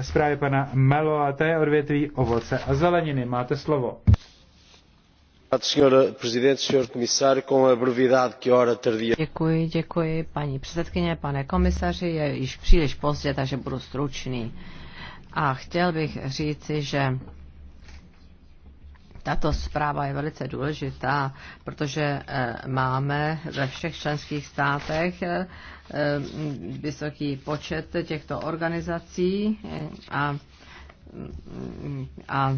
zprávě pana Melo a to je odvětví ovoce a zeleniny. Máte slovo. Děkuji, děkuji, paní předsedkyně, pane komisaři, je již příliš pozdě, takže budu stručný. A chtěl bych říci, že tato zpráva je velice důležitá, protože eh, máme ve všech členských státech eh, eh, vysoký počet těchto organizací a, mm, mm, a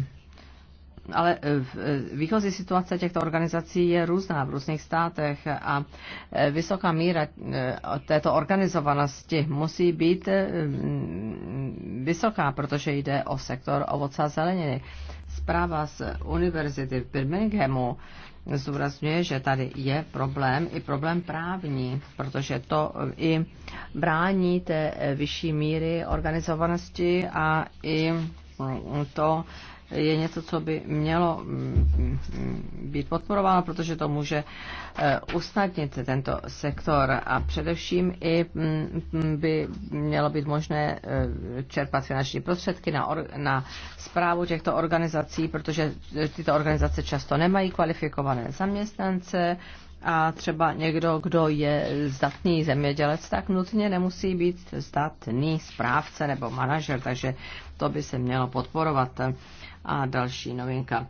ale e, e, výchozí situace těchto organizací je různá v různých státech a e, vysoká míra této organizovanosti musí být vysoká, protože jde o sektor ovoce a zeleniny. Zpráva z univerzity v Birminghamu zdůrazňuje, že tady je problém, i problém právní, protože to i brání té vyšší míry organizovanosti a i to je něco, co by mělo mm, být podporováno, protože to může eh, usnadnit tento sektor a především i mm, by mělo být možné eh, čerpat finanční prostředky na, or, na zprávu těchto organizací, protože tyto organizace často nemají kvalifikované zaměstnance, a třeba někdo, kdo je zdatný zemědělec, tak nutně nemusí být zdatný správce nebo manažer, takže to by se mělo podporovat. A další novinka.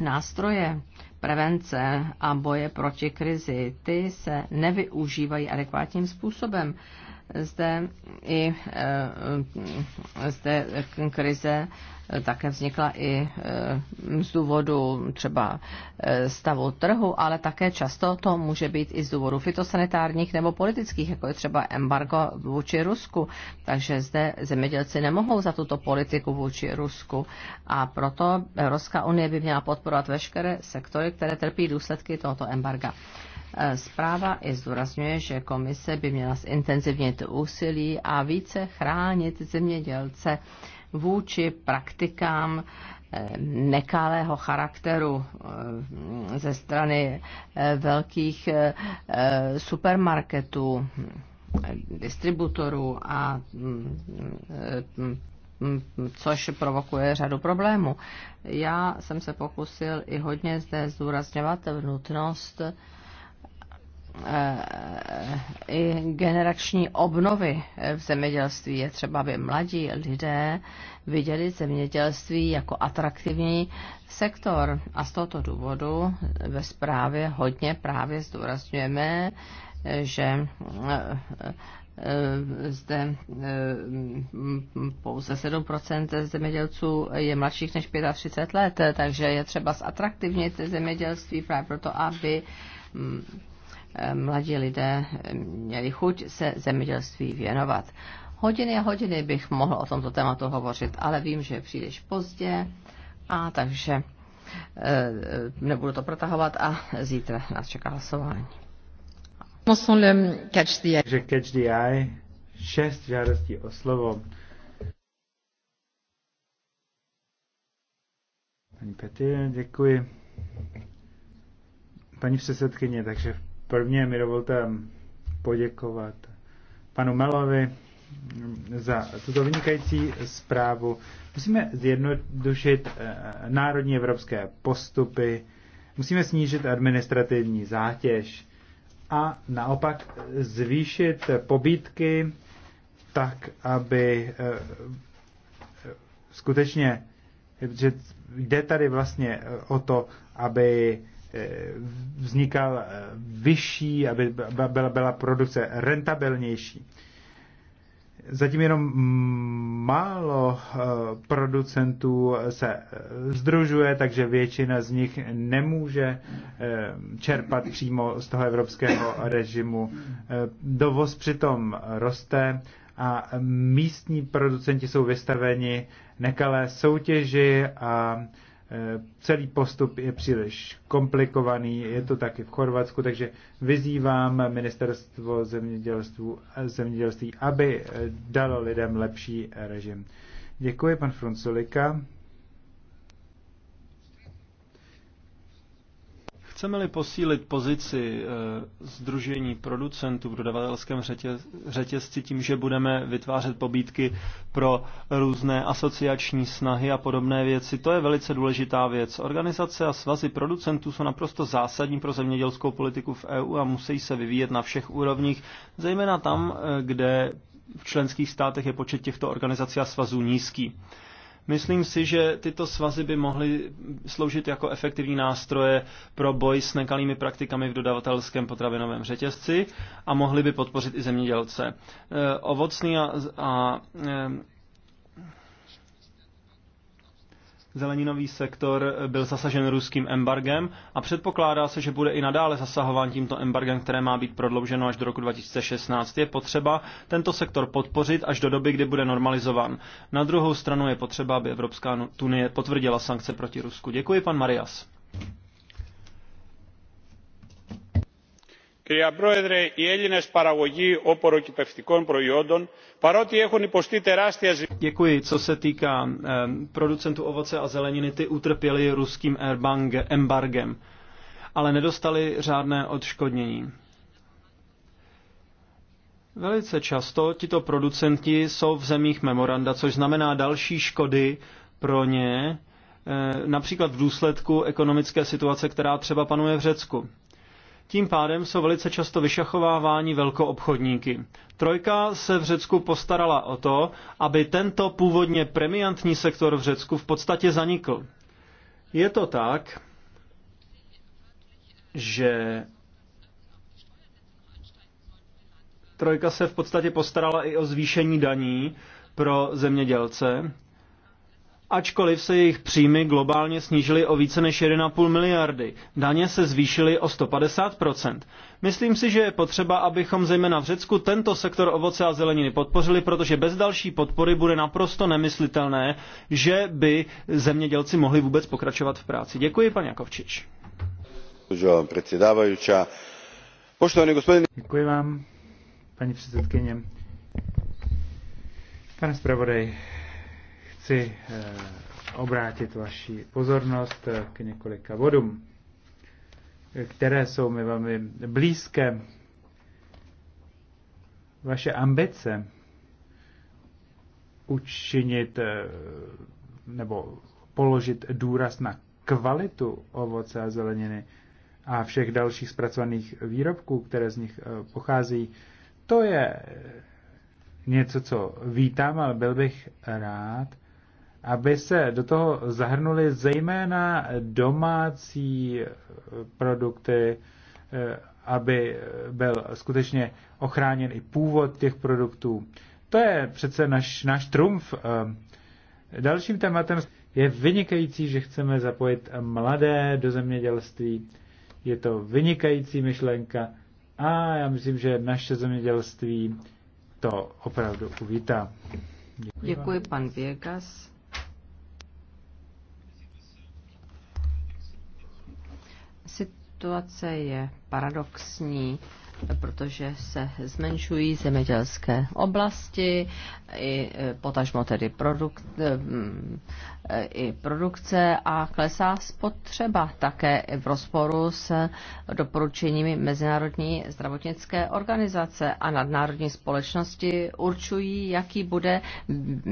Nástroje prevence a boje proti krizi, ty se nevyužívají adekvátním způsobem zde i eh, zde krize také vznikla i eh, z důvodu třeba eh, stavu trhu, ale také často to může být i z důvodu fitosanitárních nebo politických, jako je třeba embargo vůči Rusku. Takže zde zemědělci nemohou za tuto politiku vůči Rusku a proto Evropská unie by měla podporovat veškeré sektory, které trpí důsledky tohoto embarga. E, zpráva i zdůrazňuje, že komise by měla zintenzivnit úsilí a více chránit zemědělce vůči praktikám e, nekalého charakteru e, ze strany velkých supermarketů, distributorů a mm, mm, mm, což provokuje řadu problémů. Já jsem se pokusil i hodně zde zdůrazňovat nutnost Eh, eh, i generační obnovy eh, v zemědělství. Je třeba, aby mladí lidé viděli zemědělství jako atraktivní sektor. A z tohoto důvodu ve zprávě hodně právě zdůrazňujeme, že zde pouze 7% zemědělců je mladších než 35 let, takže je třeba zatraktivnit zemědělství právě proto, aby mm, Eh, mladí lidé eh, měli chuť se zemědělství věnovat. Hodiny a hodiny bych mohl o tomto tématu hovořit, ale vím, že je příliš pozdě a takže eh, nebudu to protahovat a zítra nás čeká hlasování. Takže catch the eye, šest žádostí o slovo. Paní Petě, děkuji. Paní předsedkyně, takže v Prvně mi dovolte poděkovat panu Melovi za tuto vynikající zprávu. Musíme zjednodušit eh, národní evropské postupy, musíme snížit administrativní zátěž a naopak zvýšit pobítky tak, aby eh, skutečně, že jde tady vlastně o to, aby vznikal eh, vyšší, aby byla, byla produkce rentabilnější. Zatím jenom málo eh, producentů se eh, združuje, takže většina z nich nemůže čerpat přímo z toho evropského režimu. Dovoz přitom roste a místní producenti jsou vystaveni nekalé soutěži a Eh, celý postup je příliš komplikovaný, je to taky v Chorvatsku, takže vyzývám ministerstvo zemědělství, zemědělství aby eh, dalo lidem lepší režim. Děkuji, pan Frunculika. Chceme-li posílit pozici Združení eh, producentů v dodavatelském řetězci tím, že budeme vytvářet pobídky pro různé asociační snahy a podobné věci, to je velice důležitá věc. Organizace a svazy producentů jsou naprosto zásadní pro zemědělskou politiku v EU a musí se vyvíjet na všech úrovních, zejména tam, eh, kde v členských státech je počet těchto organizací a svazů nízký. Myslím si, že tyto svazy by mohly sloužit jako efektivní nástroje pro boj s nekalými praktikami v dodavatelském potravinovém řetězci a mohly by podpořit i zemědělce. Eh, ovocný a, a Zeleninový sektor byl zasažen ruským embargem a předpokládá se, že bude i nadále zasahován tímto embargem, které má být prodlouženo až do roku 2016. Je potřeba tento sektor podpořit až do doby, kdy bude normalizovan. Na druhou stranu je potřeba, aby Evropská unie potvrdila sankce proti Rusku. Děkuji, pan Marias. κυρία πρόεδρε οι έλληνες παραγωγοί οπωροκυπευτικών προϊόντων παρότι έχουν υποστεί τεράστια Děkuji. Co se týká eh, producentů ovoce a zeleniny, ty utrpěli ruským embargem, ale nedostali řádné odškodnění. Velice často tito producenti jsou v zemích memoranda, což znamená další škody pro ně, eh, například v důsledku ekonomické situace, která třeba panuje v Řecku. Tím pádem jsou velice často vyšachovávání velkoobchodníky. Trojka se v Řecku postarala o to, aby tento původně premiantní sektor v Řecku v podstatě zanikl. Je to tak, že Trojka se v podstatě postarala i o zvýšení daní pro zemědělce, ačkoliv se jejich příjmy globálně snížily o více než 1,5 miliardy. Daně se zvýšily o 150%. Myslím si, že je potřeba, abychom zejména v Řecku tento sektor ovoce a zeleniny podpořili, protože bez další podpory bude naprosto nemyslitelné, že by zemědělci mohli vůbec pokračovat v práci. Děkuji, pan Jakovčič. Děkuji vám, paní předsedkyně. Pane zpravodaj, chci eh, obrátit vaši pozornost eh, k několika bodům, eh, které jsou mi velmi blízké. Vaše ambice učinit nebo položit důraz na kvalitu ovoce a zeleniny a všech dalších zpracovaných výrobků, které z nich pochází, to je něco, co vítám, ale byl bych rád, aby se do toho zahrnuly zejména domácí eh, produkty, eh, aby byl skutečně ochráněn i původ těch produktů. To je přece naš, náš trumf. Eh, dalším tématem je vynikající, že chceme zapojit mladé do zemědělství. Je to vynikající myšlenka a já myslím, že naše zemědělství to opravdu uvítá. Děkuji, Děkuji pan Věgas. situace je paradoxní, protože se zmenšují zemědělské oblasti, i e, potažmo tedy produk, e, e, i produkce a klesá spotřeba také v rozporu s doporučeními Mezinárodní zdravotnické organizace a nadnárodní společnosti určují, jaký bude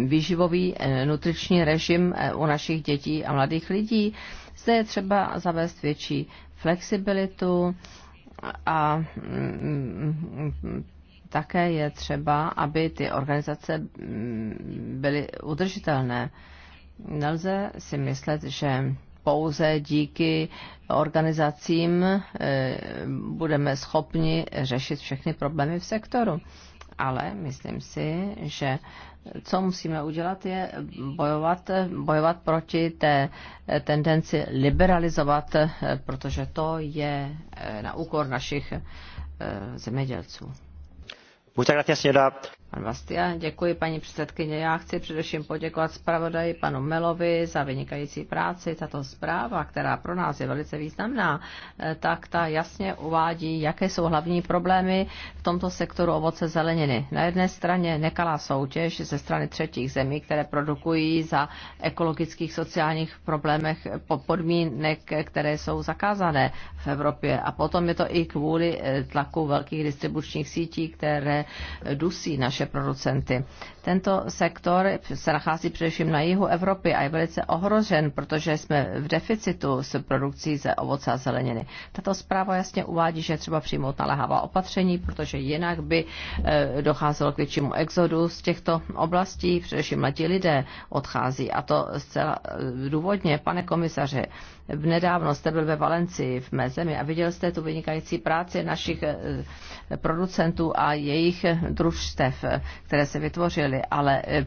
výživový nutriční režim u našich dětí a mladých lidí. Zde je třeba zavést větší flexibilitu a mm, také je třeba, aby ty organizace mm, byly udržitelné. Nelze si myslet, že pouze díky organizacím eh, budeme schopni řešit všechny problémy v sektoru ale myslím si, že co musíme udělat, je bojovat, bojovat proti té tendenci liberalizovat, protože to je eh, na úkor našich eh, zemědělců. Muchas gracias, señora. Pan Bastia, děkuji paní předsedkyně. Já chci především poděkovat zpravodaji panu Melovi za vynikající práci. Tato zpráva, která pro nás je velice významná, eh, tak ta jasně uvádí, jaké jsou hlavní problémy v tomto sektoru ovoce zeleniny. Na jedné straně nekalá soutěž ze strany třetích zemí, které produkují za ekologických sociálních problémech podmínek, které jsou zakázané v Evropě. A potom je to i kvůli eh, tlaku velkých distribučních sítí, které eh, dusí naše naše producenty. Tento sektor se nachází především na jihu Evropy a je velice ohrožen, protože jsme v deficitu s produkcí ze ovoce a zeleniny. Tato zpráva jasně uvádí, že je třeba přijmout naléhavá opatření, protože jinak by eh, docházelo k většímu exodu z těchto oblastí, především mladí lidé odchází a to zcela eh, důvodně. Pane komisaře. v nedávno jste byl ve Valencii v mé zemi a viděl jste tu vynikající práci našich eh, producentů a jejich družstev E, které se vytvořily, ale e,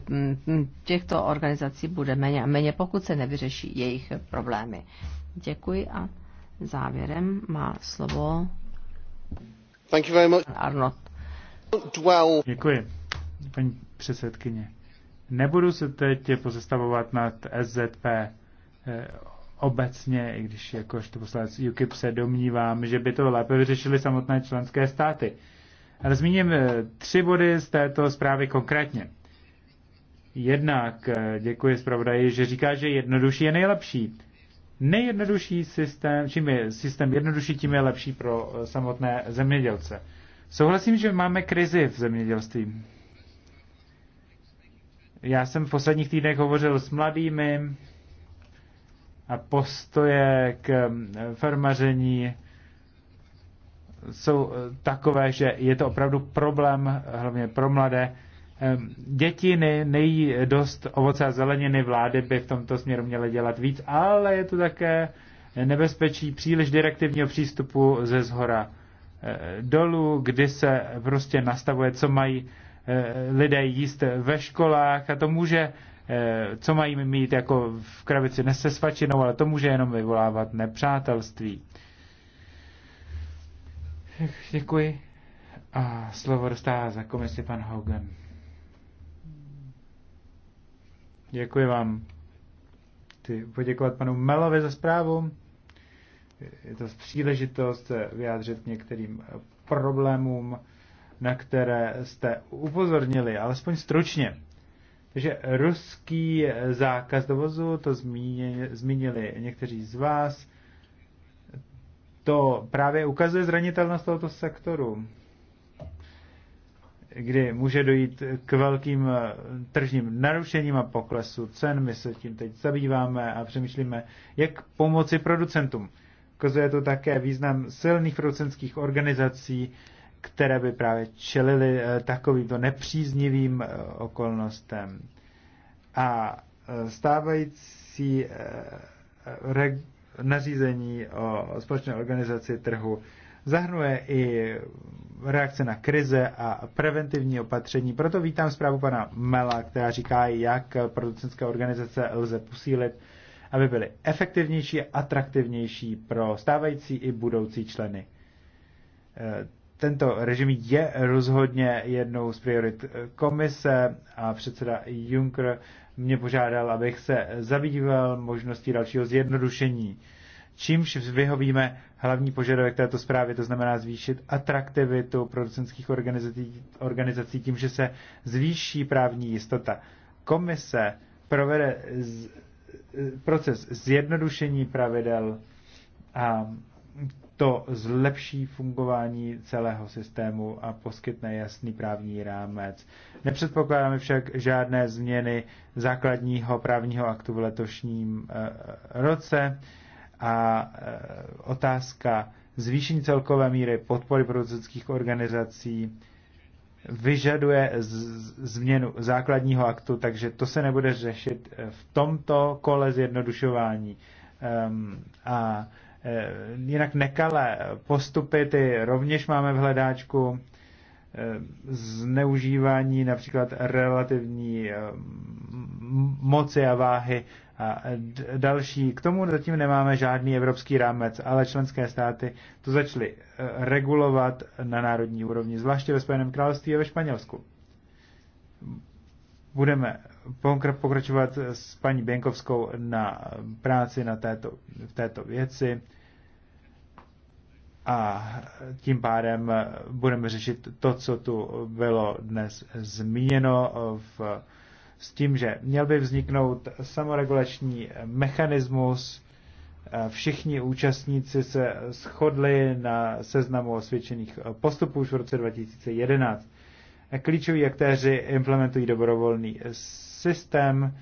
těchto organizací bude méně a méně, pokud se nevyřeší jejich problémy. Děkuji a závěrem má slovo Thank you very much. Arnold. Děkuji, paní předsedkyně. Nebudu se teď pozastavovat nad SZP e, obecně, i když jakožto poslanec UKIP se domnívám, že by to lépe vyřešili samotné členské státy. Ale zmíním eh, tři body z této zprávy konkrétně. Jednak eh, děkuji zpravodaji, že říká, že jednodušší je nejlepší. Nejjednodušší systém, čím je systém jednodušší, tím je lepší pro eh, samotné zemědělce. Souhlasím, že máme krizi v zemědělství. Já jsem v posledních týdnech hovořil s mladými a postoje k farmaření jsou eh, takové, že je to opravdu problém, hlavně pro mladé. Děti nejí dost ovoce a zeleniny, vlády by v tomto směru měly dělat víc, ale je to také nebezpečí příliš direktivního přístupu ze zhora eh, dolů, kdy se prostě nastavuje, co mají eh, lidé jíst ve školách a to může, co mají mít jako v krabici nese ale to může jenom vyvolávat nepřátelství. Děkuji. A slovo dostává za komisi pan Hogan. Děkuji vám. Ty poděkovat panu Melovi za zprávu. Je to příležitost vyjádřit k některým problémům, na které jste upozornili, alespoň stručně. Takže ruský zákaz dovozu, to zmínili někteří z vás to právě ukazuje zranitelnost tohoto sektoru, kdy může dojít k velkým eh, tržním narušením a poklesu cen. My se tím teď zabýváme a přemýšlíme, jak pomoci producentům. Ukazuje to také význam silných producentských organizací, které by právě čelily eh, takovýmto nepříznivým eh, okolnostem. A stávající nařízení o společné organizaci trhu zahrnuje i reakce na krize a preventivní opatření. Proto vítám zprávu pana Mela, která říká, jak producentské organizace lze posílit, aby byly efektivnější a atraktivnější pro stávající i budoucí členy. E, tento režim je rozhodně jednou z priorit komise a předseda Juncker mě požádal, abych se zabýval možností dalšího zjednodušení, čímž vyhovíme hlavní požadavek této zprávy, to znamená zvýšit atraktivitu producentských organizací, organizací tím, že se zvýší právní jistota. Komise provede z, proces zjednodušení pravidel a to zlepší fungování celého systému a poskytne jasný právní rámec. Nepředpokládáme však žádné změny základního právního aktu v letošním eh, roce a eh, otázka zvýšení celkové míry podpory producentských organizací vyžaduje změnu základního aktu, takže to se nebude řešit eh, v tomto kole zjednodušování. Um, a Eh, jinak nekalé postupy, ty rovněž máme v hledáčku, eh, zneužívání například relativní eh, moci a váhy a další. K tomu zatím nemáme žádný evropský rámec, ale členské státy to začaly regulovat na národní úrovni, zvláště ve Spojeném království a ve Španělsku. Budeme pokračovat s paní Běnkovskou na práci na této, v této věci a tím pádem budeme řešit to, co tu bylo dnes zmíněno v, s tím, že měl by vzniknout samoregulační mechanismus. Všichni účastníci se shodli na seznamu osvědčených postupů už v roce 2011. Klíčoví aktéři implementují dobrovolný systém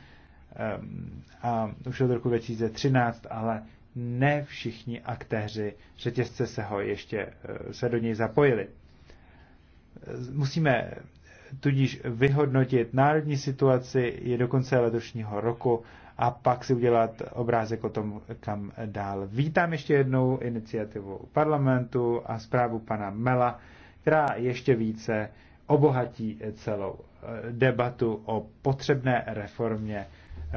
ehm, a už od roku 2013, ale ne všichni aktéři řetězce se ho ještě eh, se do něj zapojili. Musíme tudíž vyhodnotit národní situaci je do konce letošního roku a pak si udělat obrázek o tom, kam dál. Vítám ještě jednou iniciativu parlamentu a zprávu pana Mela, která ještě více obohatí celou eh, debatu o potřebné reformě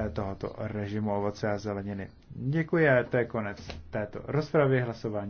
eh, tohoto režimu ovoce a zeleniny. Děkuji, to je konec této rozpravy hlasování.